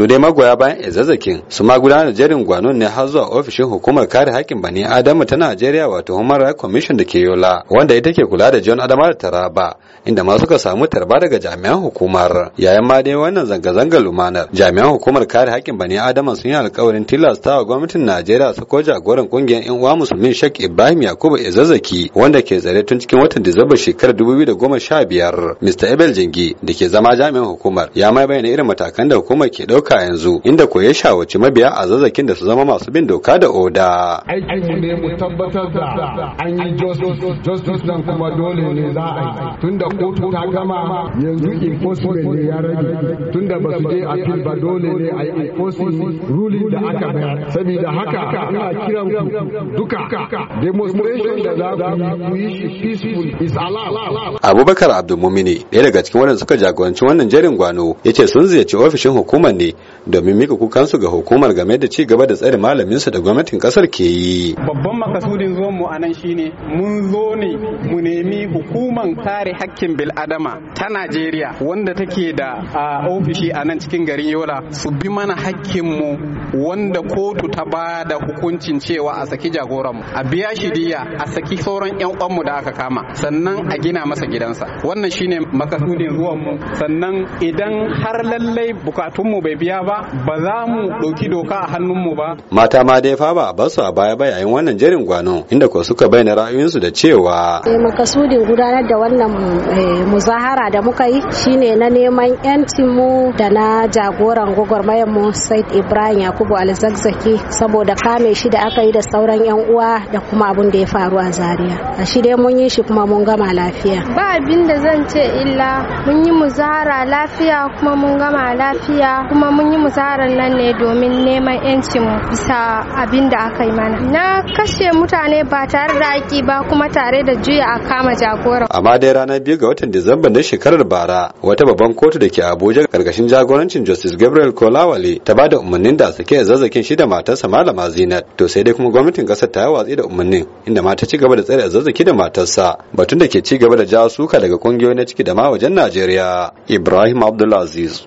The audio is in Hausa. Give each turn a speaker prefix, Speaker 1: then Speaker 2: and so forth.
Speaker 1: su dai magoya bayan ezazzakin su ma gudanar da jerin gwanon ne har zuwa ofishin hukumar kare haƙƙin bani adamu ta najeriya wato human rights commission da ke yola wanda ita ke kula da john adama da taraba inda ma suka samu tarba daga jami'an hukumar yayin ma dai wannan zanga-zangar lumanar jami'an hukumar kare haƙƙin bani adamu sun yi alkawarin tilasta wa gwamnatin najeriya su ko jagoran ƙungiyar yan uwa musulmin shek ibrahim yakubu ezazzaki wanda ke tsare tun cikin watan disamba shekarar 2015 mr ebel jingi da ke zama jami'an hukumar ya mai bayyana irin matakan da hukumar ke ɗauka doka yanzu inda ko ya shawarci mabiya a zazzakin da su zama masu bin doka da oda.
Speaker 2: Aikin ne mu tabbatar da an yi justice nan kuma dole ne za a yi. Tunda kotu ta gama yanzu enforcement ne ya rage. Tunda ba su je appeal ba dole ne a yi enforcing ruling da aka bayar. Saboda haka ina kiran ku duka demonstration da za ku yi shi peaceful is allowed. Abubakar
Speaker 1: Abdulmumini ɗaya daga cikin wanda suka jagoranci wannan jerin gwano ya ce sun ziyarci ofishin hukumar ne domin mika su ga hukumar game da ci gaba da tsare malaminsu da gwamnatin kasar ke yi. Babban
Speaker 2: makasudin zuwan mu anan shine mun zo ne mu nemi hukumar kare hakkin bil'adama ta Najeriya wanda take da ofishi a nan cikin garin Yola su bi mana hakkin mu wanda kotu ta ba da hukuncin cewa a saki jagoran mu a biya shi diya a saki sauran yan uwan mu da aka kama sannan a gina masa gidansa wannan shine makasudin zuwan mu sannan idan har lallai bukatun mu bai biya ba ba za mu ɗauki doka a hannunmu ba.
Speaker 1: Mata ma dai fa ba basu a baya ba yayin wannan jerin gwano inda ko suka bayyana ra'ayoyinsu da cewa.
Speaker 2: Eh, makasudin gudanar da wannan eh, muzahara da muka yi shine na neman mu da na jagoran gwagwarmayar mu Said Ibrahim Yakubu Alzakzaki saboda kame shi da aka yi da sauran 'yan uwa da kuma abun da ya faru a Zaria. A shi dai mun yi shi kuma mun gama lafiya. Ba abin da zan ce illa mun yi muzahara lafiya kuma mun gama lafiya kuma mun yi musarar nan ne domin neman yancin bisa abin da aka yi mana na kashe mutane ba tare da aiki ba kuma tare da juya a kama jagora
Speaker 1: amma dai ranar biyu ga watan disamba na shekarar bara wata babban kotu da ke abuja karkashin jagorancin justice gabriel kolawale ta ba da umarnin da sake zazzakin shi da matarsa malama zinat to sai dai kuma gwamnatin kasar ta yi watsi da umarnin inda mata ci gaba da tsare zazzaki da matarsa batun da ke ci gaba da jawo suka daga kungiyoyi na ciki da ma wajen najeriya ibrahim abdulaziz